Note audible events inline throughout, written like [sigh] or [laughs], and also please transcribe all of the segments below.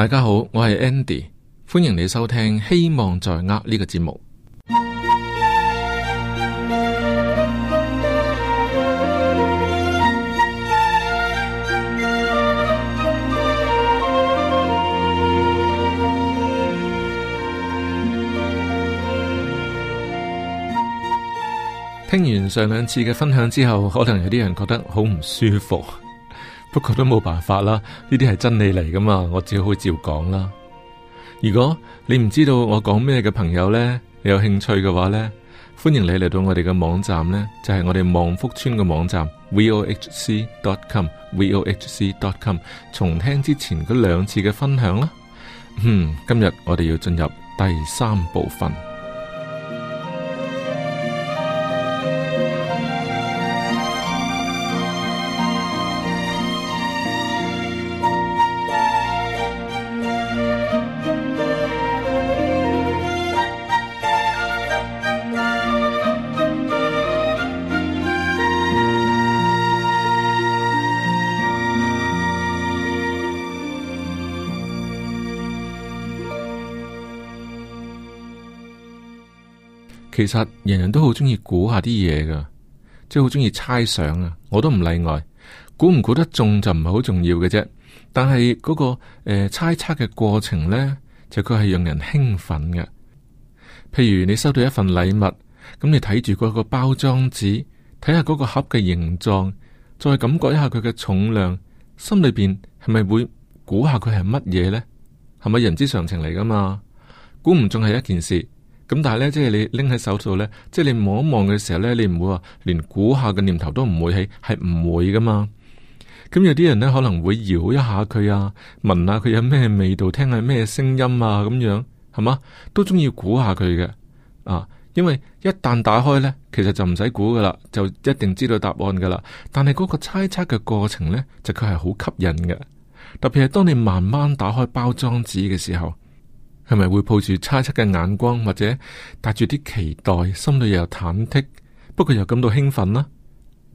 大家好，我係 Andy，歡迎你收聽《希望在握》呢個節目。聽完上兩次嘅分享之後，可能有啲人覺得好唔舒服。不過都冇辦法啦，呢啲係真理嚟噶嘛，我只好照講啦。如果你唔知道我講咩嘅朋友呢，你有興趣嘅話呢，歡迎你嚟到我哋嘅網站呢，就係我哋望福村嘅網站 vohc.com，vohc.com，重聽之前嗰兩次嘅分享啦。嗯，今日我哋要進入第三部分。其實人人都好中意估下啲嘢噶，即係好中意猜想啊！我都唔例外，估唔估得中就唔係好重要嘅啫。但係嗰、嗰個誒、呃、猜測嘅過程呢，就佢、係、係讓人興奮嘅。譬如你收到一份禮物，咁你睇住嗰個包裝紙，睇下嗰個盒嘅形狀，再感覺一下佢嘅重量，心裏邊係咪會估下佢係乜嘢呢？係咪人之常情嚟噶嘛？估唔中係一件事。咁但係咧，即係你拎喺手度咧，即係你望一望嘅時候咧，你唔會話連估下嘅念頭都唔會起，係唔會噶嘛。咁有啲人咧可能會搖一下佢啊，聞下佢有咩味道，聽下咩聲音啊，咁樣係嘛，都中意估下佢嘅啊。因為一旦打開咧，其實就唔使估噶啦，就一定知道答案噶啦。但係嗰個猜測嘅過程咧，就佢係好吸引嘅，特別係當你慢慢打開包裝紙嘅時候。係咪會抱住猜測嘅眼光，或者帶住啲期待，心裏又忐忑，不過又感到興奮啦？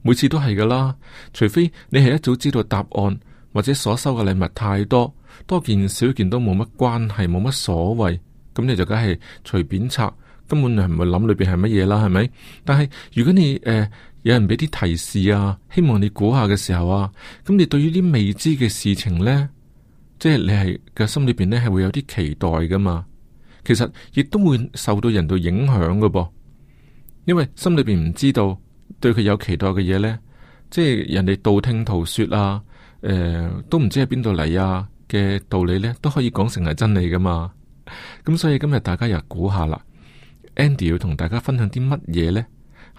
每次都係㗎啦，除非你係一早知道答案，或者所收嘅禮物太多，多件少件都冇乜關係，冇乜所謂，咁你就梗係隨便拆，根本就唔會諗裏邊係乜嘢啦，係咪？但係如果你誒、呃、有人俾啲提示啊，希望你估下嘅時候啊，咁你對於啲未知嘅事情呢。即係你係嘅心裏邊呢，係會有啲期待噶嘛，其實亦都會受到人哋影響噶噃，因為心裏邊唔知道對佢有期待嘅嘢呢。即係人哋道聽途說啊，誒、呃、都唔知喺邊度嚟啊嘅道理呢，都可以講成係真理噶嘛，咁所以今日大家又估下啦，Andy 要同大家分享啲乜嘢呢？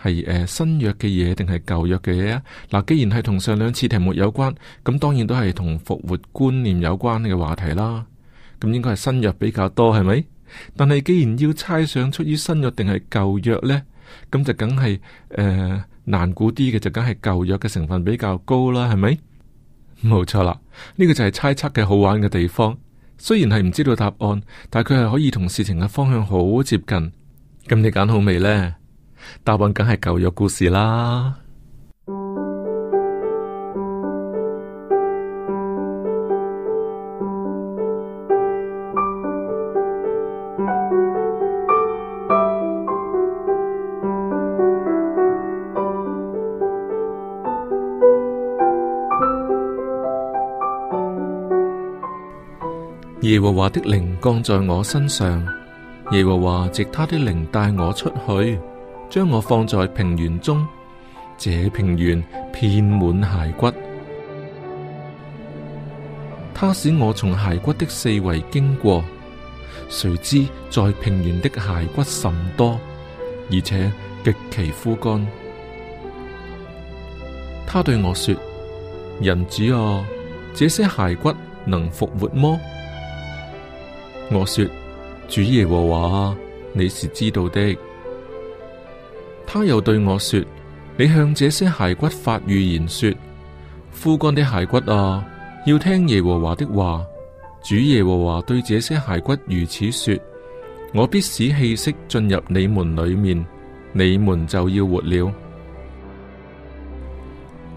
係誒、呃、新約嘅嘢定係舊約嘅嘢啊？嗱、呃，既然係同上兩次題目有關，咁當然都係同復活觀念有關嘅話題啦。咁應該係新約比較多，係咪？但係既然要猜想出於新約定係舊約呢，咁就梗係誒難估啲嘅就梗係舊約嘅成分比較高啦，係咪？冇錯啦，呢、這個就係猜測嘅好玩嘅地方。雖然係唔知道答案，但係佢係可以同事情嘅方向好接近。咁你揀好未呢？答案梗係舊有故事啦。耶和華的靈降在我身上，耶和華藉他的靈帶我出去。將我放在平原中，這平原遍滿骸骨。他使我從骸骨的四圍經過，誰知在平原的骸骨甚多，而且極其枯乾。他對我說：人子啊，這些骸骨能復活麼？我說：主耶和華，你是知道的。他又對我說：你向這些骸骨發預言說，枯乾的骸骨啊，要聽耶和華的話。主耶和華對這些骸骨如此說：我必使氣息進入你們裏面，你們就要活了。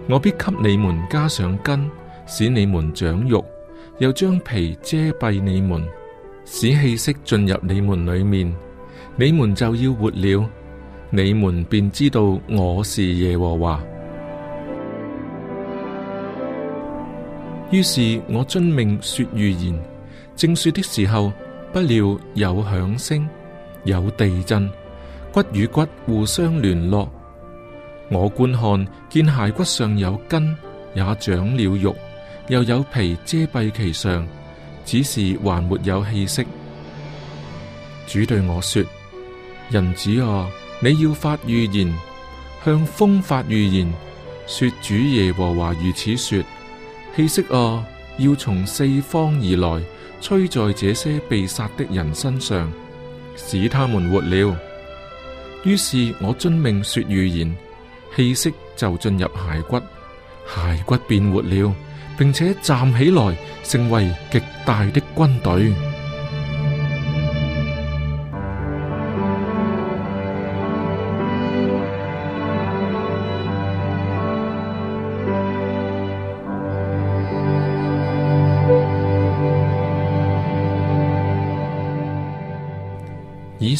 我必給你們加上筋，使你們長肉，又將皮遮蔽你們，使氣息進入你們裏面，你們就要活了。你們便知道我是耶和華。於是我遵命說預言，正說的時候，不料有響聲，有地震，骨與骨互相聯絡。我觀看，見骸骨上有根，也長了肉，又有皮遮蔽其上，只是還沒有氣息。主對我說：人子啊！你要發預言，向風發預言，說主耶和華如此說：氣息哦、啊，要從四方而來，吹在這些被殺的人身上，使他們活了。於是我遵命說預言，氣息就進入骸骨，骸骨便活了，並且站起來，成為極大的軍隊。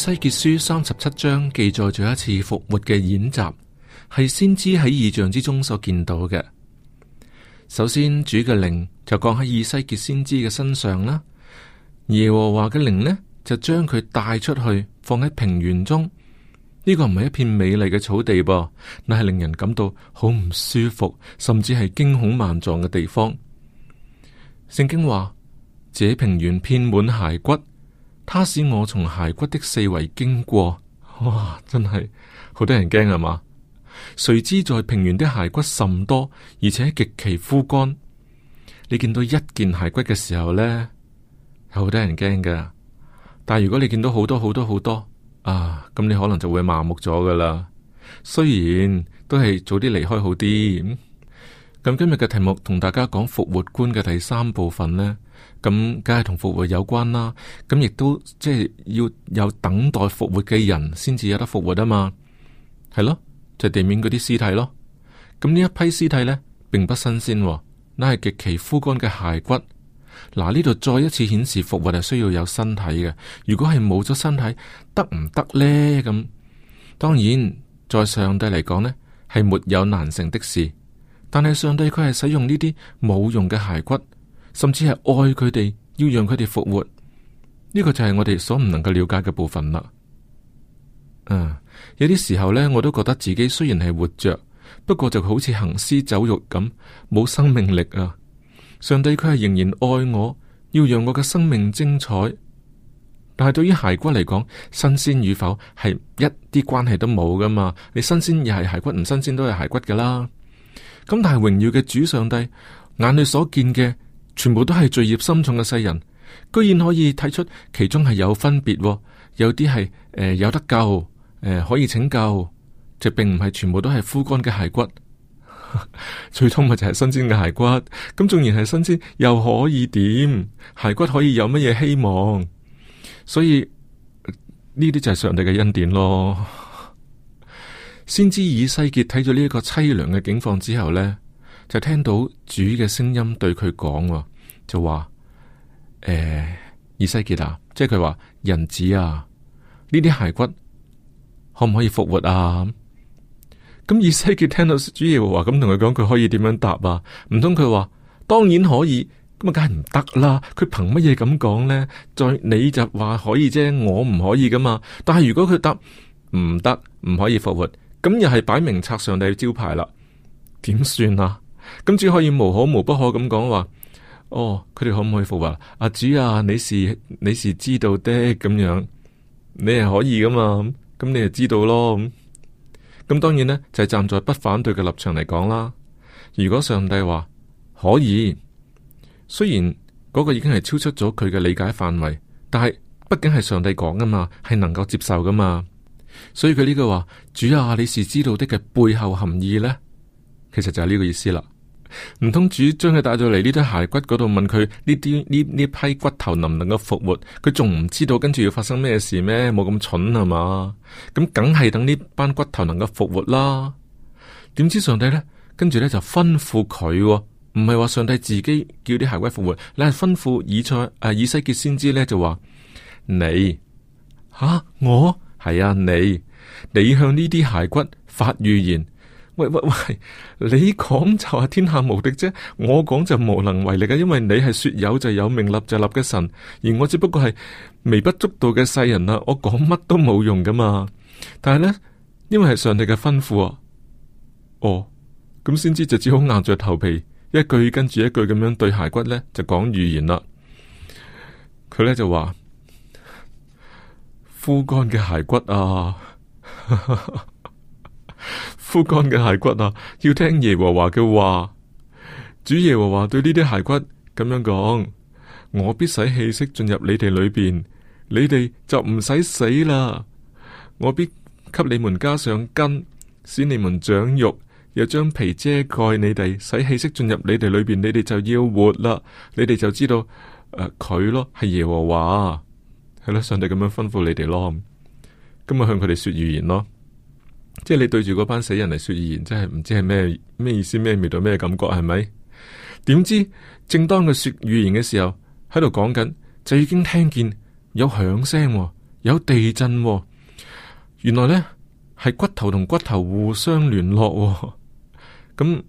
西結書三十七章記載咗一次復活嘅演習，係先知喺異象之中所見到嘅。首先，主嘅靈就降喺以西結先知嘅身上啦。耶和華嘅靈呢，就將佢帶出去，放喺平原中。呢、這個唔係一片美麗嘅草地噃，乃係令人感到好唔舒服，甚至係驚恐萬狀嘅地方。聖經話：這平原遍滿骸骨。他使我從骸骨的四圍經過，哇！真係好多人驚係嘛？誰知在平原的骸骨甚多，而且極其枯乾。你見到一件骸骨嘅時候呢，有好多人驚嘅。但如果你見到好多好多好多啊，咁你可能就會麻木咗噶啦。雖然都係早啲離開好啲。咁今日嘅題目同大家講復活觀嘅第三部分呢，咁梗係同復活有關啦。咁亦都即係、就是、要有等待復活嘅人先至有得復活啊。嘛係咯，就是、地面嗰啲屍體咯。咁呢一批屍體呢，並不新鮮、哦，乃係極其枯乾嘅骸骨。嗱，呢度再一次顯示復活係需要有身體嘅。如果係冇咗身體，得唔得呢？咁當然，在上帝嚟講呢，係沒有難成的事。但係，上帝佢係使用呢啲冇用嘅骸骨，甚至係愛佢哋，要讓佢哋復活。呢個就係我哋所唔能夠了解嘅部分啦。嗯、啊，有啲時候呢，我都覺得自己雖然係活着，不過就好似行屍走肉咁，冇生命力啊。上帝佢係仍然愛我，要讓我嘅生命精彩。但係對於骸骨嚟講，新鮮與否係一啲關係都冇噶嘛。你新鮮亦係骸骨，唔新鮮都係骸骨噶啦。咁但係榮耀嘅主上帝眼裏所見嘅，全部都係罪孽深重嘅世人，居然可以睇出其中係有分別，哦，有啲係誒有得救，誒、呃、可以拯救，就並唔係全部都係枯乾嘅骸骨， [laughs] 最終咪就係新鮮嘅骸骨。咁縱然係新鮮，又可以點？骸骨可以有乜嘢希望？所以呢啲就係上帝嘅恩典咯。先知以西結睇咗呢一個凄涼嘅境況之後呢，就聽到主嘅聲音對佢講、哦，就話：，誒、哎，以西結啊，即係佢話人子啊，呢啲骸骨可唔可以復活啊？咁以西結聽到主耶和華話咁同佢講，佢可以點樣答啊？唔通佢話當然可以？咁啊，梗係唔得啦！佢憑乜嘢咁講呢？再你就話可以啫，我唔可以噶嘛？但係如果佢答唔得，唔可以復活。咁又係擺明拆上帝嘅招牌啦，點算啊？咁只可以無可無不可咁講話，哦，佢哋可唔可以復話？阿主啊，你是你是知道的咁樣，你係可以噶嘛？咁你係知道咯咁。咁當然呢，就係、是、站在不反對嘅立場嚟講啦。如果上帝話可以，雖然嗰個已經係超出咗佢嘅理解範圍，但係畢竟係上帝講噶嘛，係能夠接受噶嘛。所以佢呢句話，主啊，你是知道的嘅背後含義呢，其實就係呢個意思啦。唔通主將佢帶咗嚟呢堆骸骨嗰度問佢呢啲呢呢批骨頭能唔能夠復活？佢仲唔知道跟住要發生咩事咩？冇咁蠢係嘛？咁梗係等呢班骨頭能夠復活啦。點知上帝呢？跟住呢就吩咐佢、哦，唔係話上帝自己叫啲骸骨復活，你係吩咐以賽誒、啊、以西結先知呢，就話你吓、啊、我。係啊，你你向呢啲骸骨發預言，喂喂喂，你講就係天下無敵啫，我講就無能為力噶，因為你係說有就有，命立就立嘅神，而我只不過係微不足道嘅世人啦，我講乜都冇用噶嘛。但係呢，因為係上帝嘅吩咐啊，哦，咁先知就只好硬着頭皮，一句跟住一句咁樣對骸骨呢，就講預言啦。佢呢就話。枯乾嘅骸骨啊，枯乾嘅骸骨啊，要聽耶和華嘅話。主耶和華對呢啲骸骨咁樣講：我必使氣息進入你哋裏邊，你哋就唔使死啦。我必給你們加上筋，使你們長肉，又將皮遮蓋你哋，使氣息進入你哋裏邊，你哋就要活啦。你哋就知道，呃、佢、咯係耶和華。係咯，上帝咁樣吩咐你哋咯，咁咪向佢哋說預言咯，即係你對住嗰班死人嚟說預言，真係唔知係咩咩意思，咩味道，咩感覺係咪？點知正當佢說預言嘅時候，喺度講緊就已經聽見有響聲，有地震，原來呢，係骨頭同骨頭互相聯絡。咁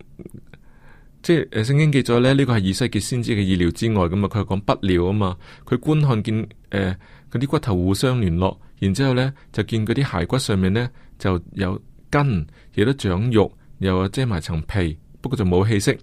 即係聖經記載呢，呢、呢個係以西結先知嘅意料之外，咁啊佢講不料啊嘛，佢觀看見誒。呃嗰啲骨頭互相聯絡，然之後呢，就見嗰啲骸骨上面呢，就有筋，亦都長肉，又有遮埋層皮，不過就冇氣息。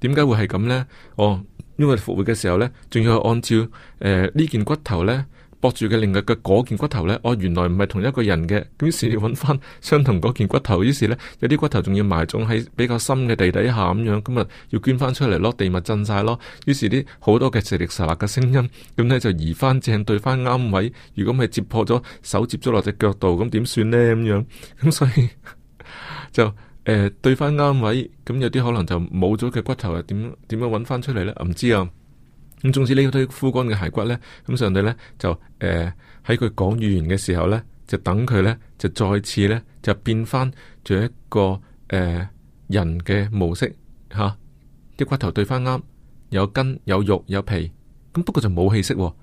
點解會係咁呢？哦，因為復活嘅時候呢，仲要按照誒呢、呃、件骨頭呢。搏住嘅另外嘅嗰件骨頭呢，我、哦、原來唔係同一個人嘅，於是要揾翻相同嗰件骨頭，於是呢，有啲骨頭仲要埋葬喺比較深嘅地底下咁樣，咁啊要捐翻出嚟咯，地物震晒咯，於是啲好多嘅石力石辣嘅聲音，咁呢，就移翻正對翻啱位。如果係接破咗手接咗落隻腳度，咁點算呢？咁樣？咁、嗯、所以 [laughs] 就誒、呃、對翻啱位，咁、嗯、有啲可能就冇咗嘅骨頭又點點樣揾翻出嚟呢？唔知啊。咁，總之呢一堆枯乾嘅骸骨呢，咁上帝呢，就誒喺佢講語言嘅時候呢，就等佢呢，就再次呢，就變翻做一個誒、呃、人嘅模式嚇，啲、啊、骨頭對翻啱，有筋有肉有皮，咁不過就冇氣息、哦，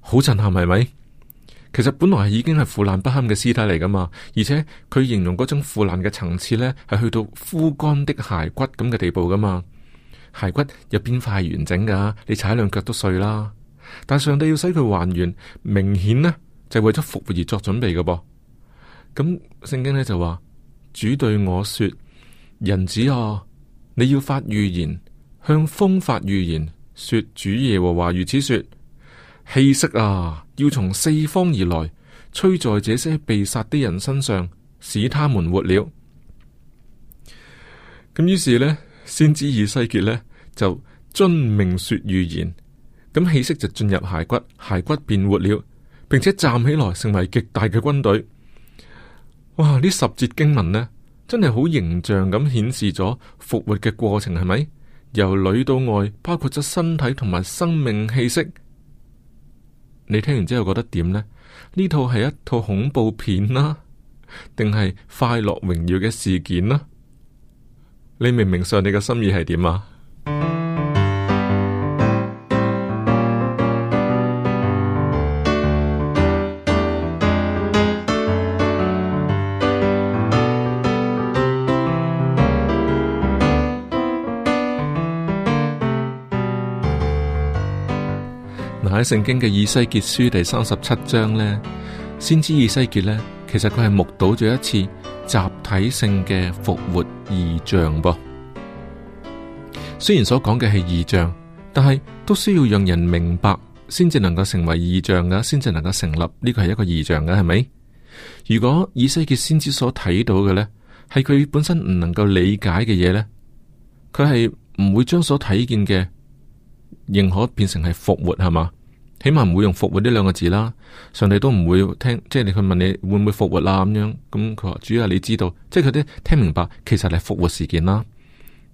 好震撼係咪？其實本來係已經係腐爛不堪嘅屍體嚟噶嘛，而且佢形容嗰種腐爛嘅層次呢，係去到枯乾的骸骨咁嘅地步噶嘛。骸骨有邊塊係完整噶？你踩兩腳都碎啦。但上帝要使佢還原，明顯呢就是、為咗復活而作準備嘅噃。咁、嗯、聖經呢就話：主對我說，人子啊，你要發預言，向風發預言，說主耶和華如此說：氣息啊，要從四方而來，吹在這些被殺的人身上，使他們活了。咁、嗯、於是呢？先知以西結呢，就遵命說預言，咁氣息就進入骸骨，骸骨便活了，並且站起來成為極大嘅軍隊。哇！呢十節經文呢，真係好形象咁顯示咗復活嘅過程，係咪？由裏到外，包括咗身體同埋生命氣息。你聽完之後覺得點呢？呢套係一套恐怖片啦、啊，定係快樂榮耀嘅事件啦、啊？你明唔明上帝嘅心意係點啊？嗱，喺聖經嘅以西結書第三十七章咧，先知以西結咧。其實佢係目睹咗一次集體性嘅復活異象噃。雖然所講嘅係異象，但係都需要讓人明白，先至能夠成為異象噶，先至能夠成立。呢個係一個異象噶，係咪？如果以西結先知所睇到嘅呢，係佢本身唔能夠理解嘅嘢呢？佢係唔會將所睇見嘅認可變成係復活係嘛？起碼唔會用復活呢兩個字啦，上帝都唔會聽，即係你去問你會唔會復活啦咁樣，咁佢話主要係你知道，即係佢啲聽明白，其實係復活事件啦。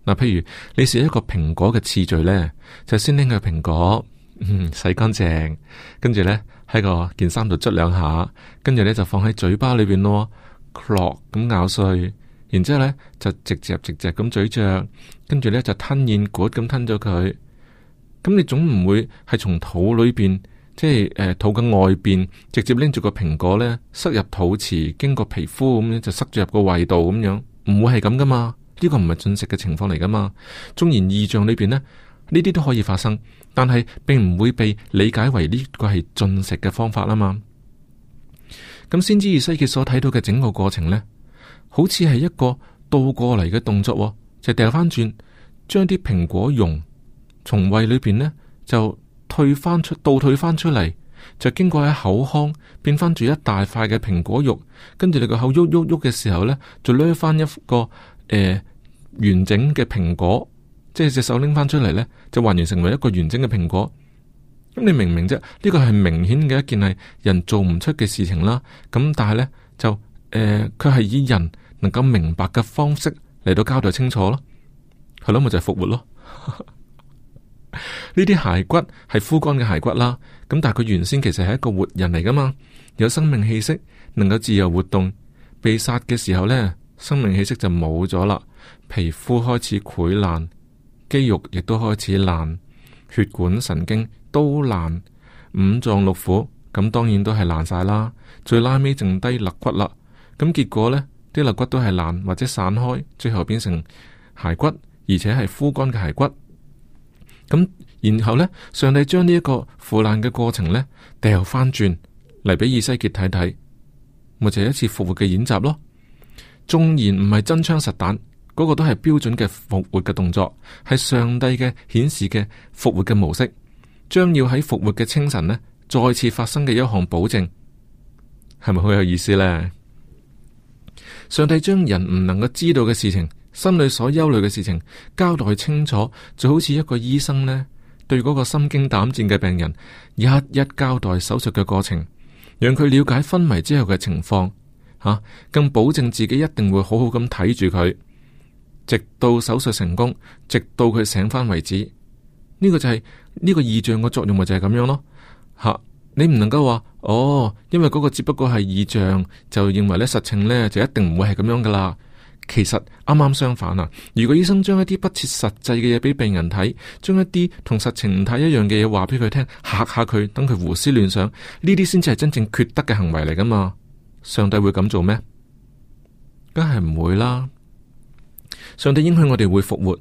嗱、啊，譬如你食一個蘋果嘅次序咧，就先拎佢蘋果、嗯、洗乾淨，跟住咧喺個件衫度捽兩下，跟住咧就放喺嘴巴裏邊咯，噥咁咬碎，然之後咧就直接直直咁咀嚼，跟住咧就吞咽果咁吞咗佢。咁你總唔會係從肚裏邊，即係誒，肚嘅外邊直接拎住個蘋果呢，塞入肚臍，經過皮膚咁樣就塞咗入個胃道咁樣，唔會係咁噶嘛？呢、這個唔係進食嘅情況嚟噶嘛？縱然異象裏邊呢，呢啲都可以發生，但係並唔會被理解為呢個係進食嘅方法啦嘛。咁先知以西結所睇到嘅整個過程呢，好似係一個倒過嚟嘅動作，哦，就掉翻轉，將啲蘋果融。從胃裏邊呢，就退翻出倒退翻出嚟，就經過喺口腔變翻住一大塊嘅蘋果肉，跟住你個口喐喐喐嘅時候呢，就掠翻一個誒、呃、完整嘅蘋果，即係隻手拎翻出嚟呢，就還原成為一個完整嘅蘋果。咁你明唔明啫，呢個係明顯嘅一件係人做唔出嘅事情啦。咁但係呢，就誒，佢、呃、係以人能夠明白嘅方式嚟到交代清楚咯，係咯咪就係、是、復活咯。 [laughs] 呢啲骸骨係枯乾嘅骸骨啦，咁但係佢原先其實係一個活人嚟噶嘛，有生命氣息，能夠自由活動。被殺嘅時候呢，生命氣息就冇咗啦，皮膚開始潰爛，肌肉亦都開始爛，血管、神經都爛，五臟六腑咁當然都係爛晒啦。最拉尾剩低肋骨啦，咁結果呢，啲肋骨都係爛或者散開，最後變成骸骨，而且係枯乾嘅骸骨。咁然後呢，上帝將呢一個腐爛嘅過程呢掉翻轉嚟俾以西結睇睇，咪就係一次復活嘅演習咯。縱然唔係真槍實彈，嗰個都係標準嘅復活嘅動作，係上帝嘅顯示嘅復活嘅模式，將要喺復活嘅清晨呢再次發生嘅一項保證，係咪好有意思呢？上帝將人唔能夠知道嘅事情，心裏所憂慮嘅事情交代清楚，就好似一個醫生呢，對嗰個心驚膽戰嘅病人一一交代手術嘅過程，讓佢了解昏迷之後嘅情況，吓，更保證自己一定會好好咁睇住佢，直到手術成功，直到佢醒返為止。呢個就係呢個意象嘅作用，咪就係咁樣咯。吓，你唔能夠話，哦，因為嗰個只不過係意象，就認為呢實情呢，就一定唔會係咁樣噶啦。其實啱啱相反啊！如果醫生將一啲不切實際嘅嘢俾病人睇，將一啲同實情唔太一樣嘅嘢話俾佢聽，吓下佢，等佢胡思亂想，呢啲先至係真正缺德嘅行為嚟噶嘛？上帝會咁做咩？梗係唔會啦！上帝應許我哋會復活，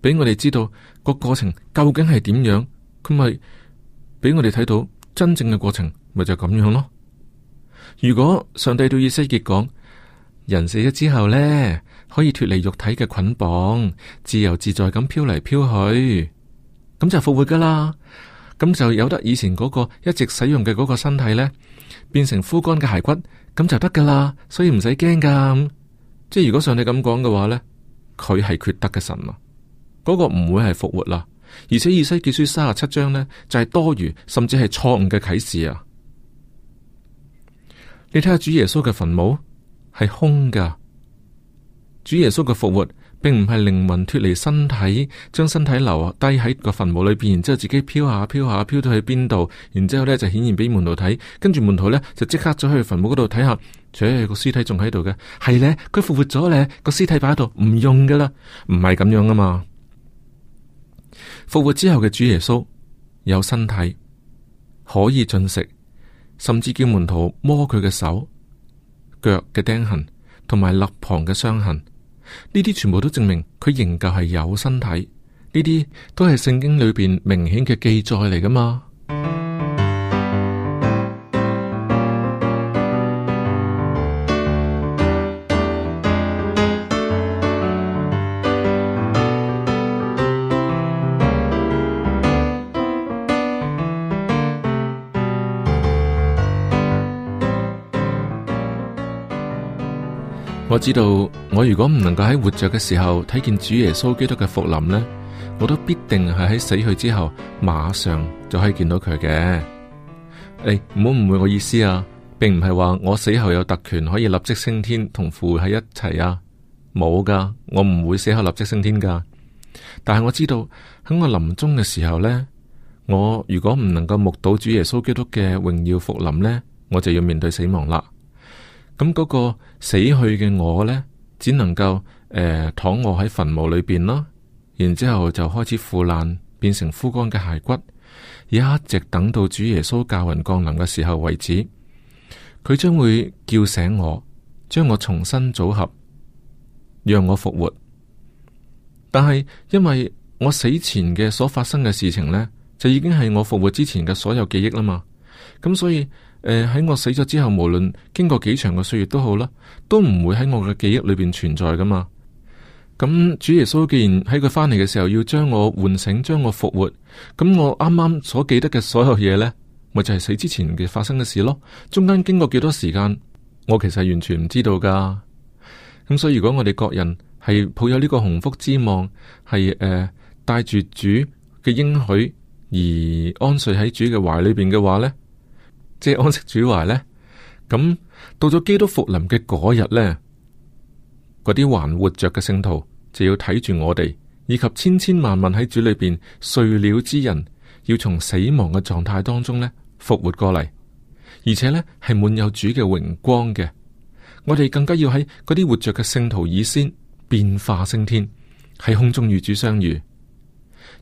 俾我哋知道個過程究竟係點樣，佢咪俾我哋睇到真正嘅過程，咪就咁樣咯。如果上帝對以西結講，人死咗之後呢，可以脫離肉體嘅捆綁，自由自在咁飄嚟飄去，咁就復活噶啦。咁就有得以前嗰個一直使用嘅嗰個身體呢，變成枯乾嘅骸骨，咁就得噶啦。所以唔使驚噶。即係如果上帝咁講嘅話呢，佢係缺德嘅神啊。嗰個唔會係復活啦。而且以西結書三十七章呢，就係多餘甚至係錯誤嘅啟示啊。你睇下主耶穌嘅墳墓。係空噶主耶穌嘅復活並唔係靈魂脫離身體，將身體留低喺個墳墓裏邊，然之後自己飄下飄下飄到去邊度，然之後呢就顯現俾門徒睇，跟住門徒呢，就即刻走去墳墓嗰度睇下，除咗個屍體仲喺度嘅，係呢，佢復活咗咧，個屍體擺喺度唔用噶啦，唔係咁樣噶嘛。復活之後嘅主耶穌有身體可以進食，甚至叫門徒摸佢嘅手。腳嘅釘痕，同埋肋旁嘅傷痕，呢啲全部都證明佢仍舊係有身體。呢啲都係聖經裏邊明顯嘅記載嚟噶嘛。我知道，我如果唔能夠喺活着嘅時候睇見主耶穌基督嘅復臨呢，我都必定係喺死去之後馬上就可以見到佢嘅。誒、欸，唔好誤會我意思啊，並唔係話我死後有特權可以立即升天同父喺一齊啊，冇噶，我唔會死後立即升天噶。但係我知道喺我臨終嘅時候呢，我如果唔能夠目睹主耶穌基督嘅榮耀復臨呢，我就要面對死亡啦。咁嗰個死去嘅我呢，只能夠誒、呃、躺臥喺墳墓裏邊咯，然之後就開始腐爛，變成枯乾嘅骸骨，而一直等到主耶穌教雲降臨嘅時候為止，佢將會叫醒我，將我重新組合，讓我復活。但係因為我死前嘅所發生嘅事情呢，就已經係我復活之前嘅所有記憶啦嘛，咁所以。誒，喺、呃、我死咗之後，無論經過幾長嘅歲月都好啦，都唔會喺我嘅記憶裏邊存在噶嘛。咁、嗯、主耶穌既然喺佢翻嚟嘅時候要將我喚醒，將我復活，咁、嗯、我啱啱所記得嘅所有嘢呢，咪就係、是、死之前嘅發生嘅事咯。中間經過幾多時間，我其實係完全唔知道噶。咁、嗯、所以如果我哋各人係抱有呢個鴻福之望，係誒、呃、帶住主嘅應許而安睡喺主嘅懷裏邊嘅話呢。即係安息主懷呢，咁到咗基督復臨嘅嗰日呢，嗰啲還活着嘅聖徒就要睇住我哋以及千千萬萬喺主裏邊睡了之人，要從死亡嘅狀態當中呢復活過嚟，而且呢係滿有主嘅榮光嘅。我哋更加要喺嗰啲活着嘅聖徒以先變化升天，喺空中與主相遇。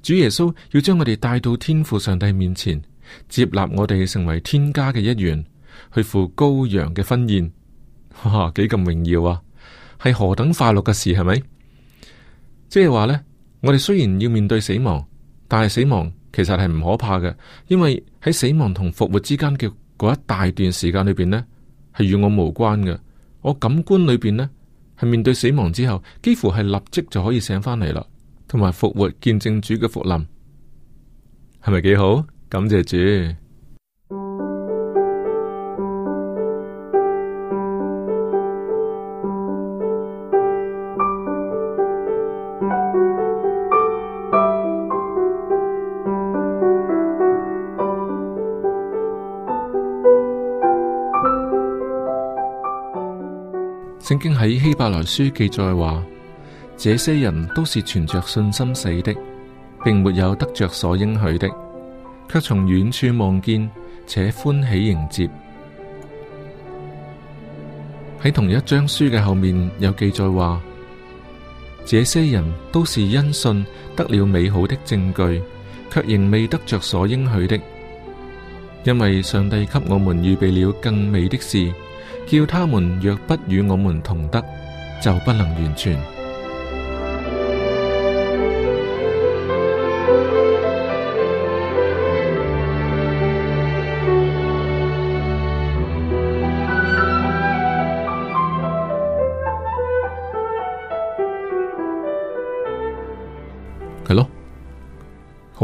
主耶穌要將我哋帶到天父上帝面前。接納我哋成為天家嘅一員，去赴羔羊嘅婚宴，哈哈，幾咁榮耀啊！係何等快樂嘅事，係咪？即係話呢，我哋雖然要面對死亡，但係死亡其實係唔可怕嘅，因為喺死亡同復活之間嘅嗰一大段時間裏邊呢，係與我無關嘅。我感官裏邊呢，係面對死亡之後，幾乎係立即就可以醒翻嚟啦，同埋復活見證主嘅復臨，係咪幾好？感謝主。聖經喺希伯來書記載話，這些人都是存着信心死的，並沒有得着所應許的。卻從遠處望見，且歡喜迎接。喺同一章書嘅後面有記載話，這些人都是因信得了美好的證據，卻仍未得着所應許的，因為上帝給我們預備了更美的事，叫他們若不與我們同得，就不能完全。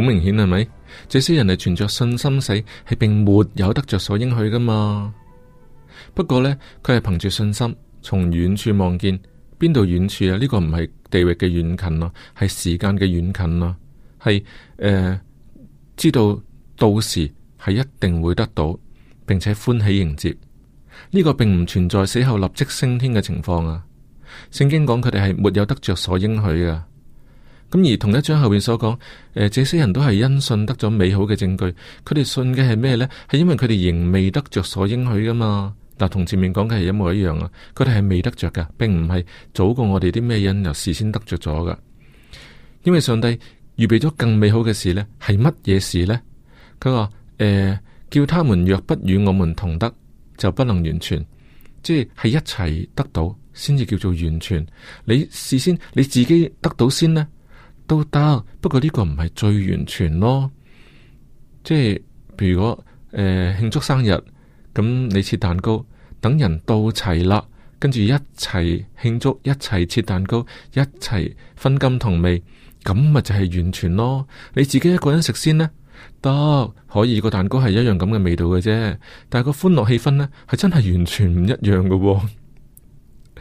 明顯係咪？這些人係存着信心死，係並沒有得着所應許噶嘛？不過呢，佢係憑住信心，從遠處望見，邊度遠處啊？呢個唔係地域嘅遠近啊，係時間嘅遠近啊，係、呃、知道到時係一定會得到，並且歡喜迎接。呢個並唔存在死後立即升天嘅情況啊。聖經講佢哋係沒有得着所應許嘅。咁而同一章後面所講，誒、呃，這些人都係因信得咗美好嘅證據，佢哋信嘅係咩呢？係因為佢哋仍未得着所應許噶嘛？但同前面講嘅係一模一樣啊。佢哋係未得着嘅，並唔係早過我哋啲咩因由事先得着咗嘅。因為上帝預備咗更美好嘅事呢，係乜嘢事呢？佢話誒，叫他們若不與我們同得，就不能完全，即係一齊得到先至叫做完全。你事先你自己得到先呢。都得，不過呢個唔係最完全咯。即係譬如誒慶祝生日，咁你切蛋糕，等人到齊啦，跟住一齊慶祝，一齊切蛋糕，一齊分金同味，咁咪就係完全咯。你自己一個人食先咧，得可以，個蛋糕係一樣咁嘅味道嘅啫，但係個歡樂氣氛呢，係真係完全唔一樣噶。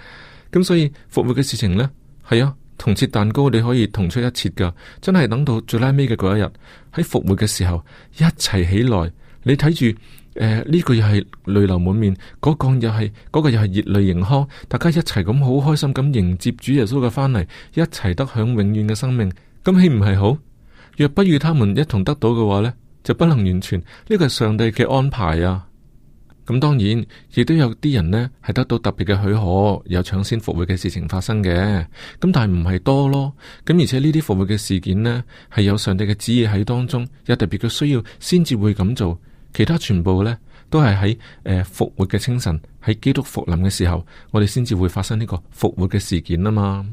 咁所以復活嘅事情呢，係啊。同切蛋糕你可以同出一切㗎，真係等到最拉尾嘅嗰一日，喺復活嘅時候一齊起，起來，你睇住誒呢個又係淚流滿面，嗰、這個又係嗰個又係熱淚盈眶，大家一齊咁好開心咁迎接主耶穌嘅返嚟，一齊得享永遠嘅生命，咁豈唔係好？若不與他們一同得到嘅話呢，就不能完全。呢、這個係上帝嘅安排啊！咁當然，亦都有啲人呢係得到特別嘅許可，有搶先復活嘅事情發生嘅。咁但係唔係多咯。咁而且呢啲復活嘅事件呢，係有上帝嘅旨意喺當中，有特別嘅需要先至會咁做。其他全部呢，都係喺誒復活嘅清晨，喺基督復臨嘅時候，我哋先至會發生呢個復活嘅事件啊嘛。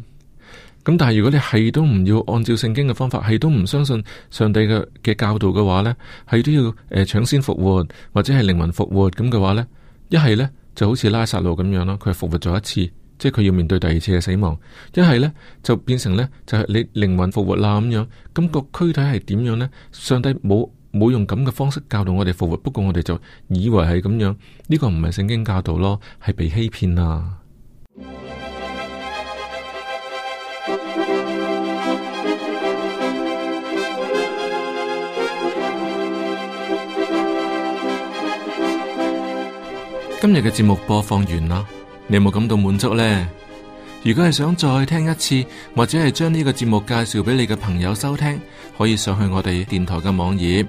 咁但係如果你係都唔要按照聖經嘅方法，係都唔相信上帝嘅嘅教導嘅話呢，係都要誒搶、呃、先復活或者係靈魂復活咁嘅話呢，一係呢就好似拉撒路咁樣咯，佢係復活咗一次，即係佢要面對第二次嘅死亡；一係呢，就變成呢，就係、是、你靈魂復活啦咁樣，咁、那個軀體係點樣呢？上帝冇冇用咁嘅方式教導我哋復活，不過我哋就以為係咁樣，呢、這個唔係聖經教導咯，係被欺騙啊！今日嘅節目播放完啦，你有冇感到滿足呢？如果係想再聽一次，或者係將呢個節目介紹俾你嘅朋友收聽，可以上去我哋電台嘅網頁。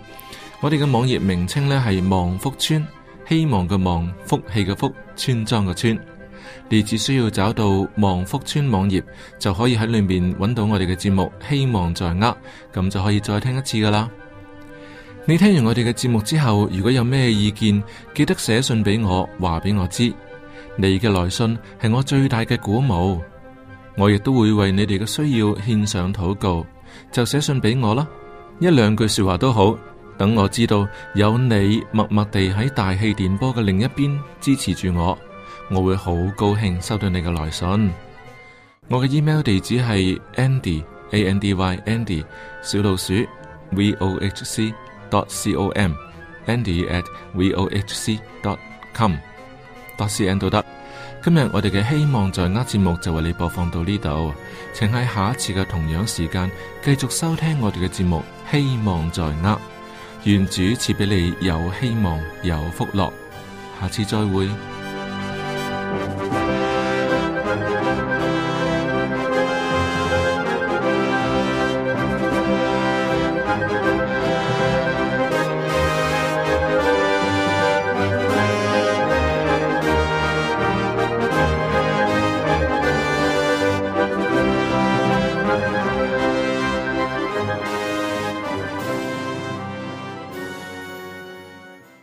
我哋嘅網頁名稱呢係望福村，希望嘅望，福氣嘅福，村莊嘅村。你只需要找到望福村網頁，就可以喺裏面揾到我哋嘅節目《希望在握》，咁就可以再聽一次噶啦。你聽完我哋嘅節目之後，如果有咩意見，記得寫信俾我，話俾我知。你嘅來信係我最大嘅鼓舞，我亦都會為你哋嘅需要獻上禱告。就寫信俾我啦，一兩句說話都好。等我知道有你默默地喺大氣電波嘅另一邊支持住我，我會好高興收到你嘅來信。我嘅 email 地址係 andy a n d y andy 小老鼠 v o h c。d o、oh、c o m a n d y v o h c c o m d o t c n 到得。今日我哋嘅希望在握節目就為你播放到呢度，請喺下一次嘅同樣時間繼續收聽我哋嘅節目，希望在握，願主賜俾你有希望有福樂，下次再會。